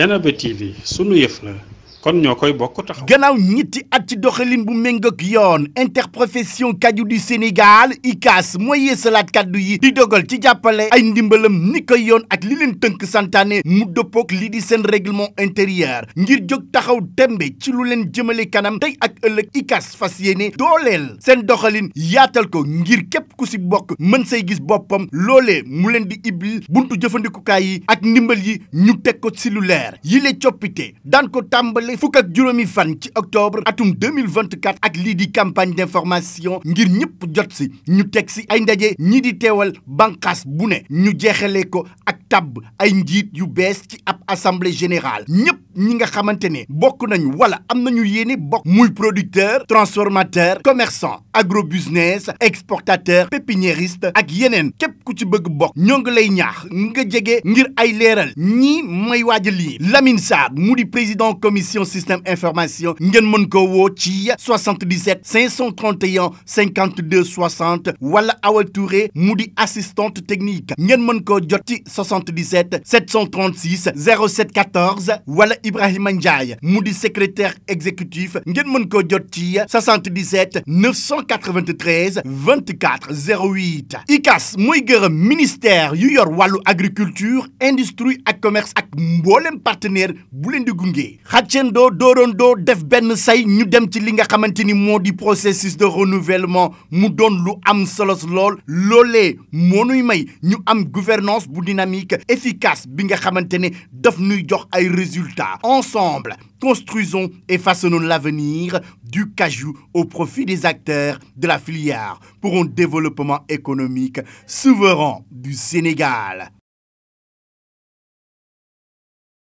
Thiénaba TV sunu yëf la kon ñoo koy bokk tax gannaaw ñetti at ci doxalin bu méngoog yoon interprofession kaju du Sénégal kaas mooy yeesalaat kaddu yi di dogal ci jàppale ay ndimbalam ni koy yoon ak li leen tënk santaane mu dëppoog lii di seen règlement intérieur ngir jóg taxaw tembe ci lu leen jëmale kanam tey ak ëllëg ikas fas yéene dooleel seen doxalin yaatal ko ngir képp ku si bokk mën say gis boppam loole mu leen di ibbil buntu jëfandikukaay yi ak ndimbal yi ñu teg ko si lu leer yi le coppite daan ko tàmbale fukk ak juróomi fan ci octobre atum 2024 ak lii di campagne d'information ngir ñëpp jot si ñu teg si ay ndaje ñii di teewal banqaas bu ne ñu jeexalee ko tabb ay njiit yu bees ci ab assemblée générale ñëpp ñi nga xamante ne bokk nañu wala am nañu yéene bokk muy producteur transformateur commerçant agrobusiness exportateur pépiniériste ak yeneen képp ku ci bëgg bokk ñoo ngi lay ñaax nga jege ngir ay leeral ñii may waaja lii Lamine Sarr mu di président commission système information ngeen mën ko woo ci 77 531 52 60 wala Awa Touré mu di assistante technique ngeen mën ko jot ci 60 77 736 07 14 wala Ibrahima Ndiaye mu di secrétaire exécutif ngeen mën koo jot ci 77 993 24 08 ICAS mooy gërëm ministère yu yor wàllu agriculture industrie ak commerce ak mboolem partenaire bu leen di gunge xàccendoo doorandoo def benn say ñu dem ci li nga xamante ni moo di processus de renouvellement mu doon lu am solos lool loolee moo nuy may ñu am gouvernance bu dynamique politique efficace bi nga xamante ne daf ñuy jox ay résultats ensemble construisons et façonnons l'avenir du cajou au profit des acteurs de la filière pour un développement économique souverain du Sénégal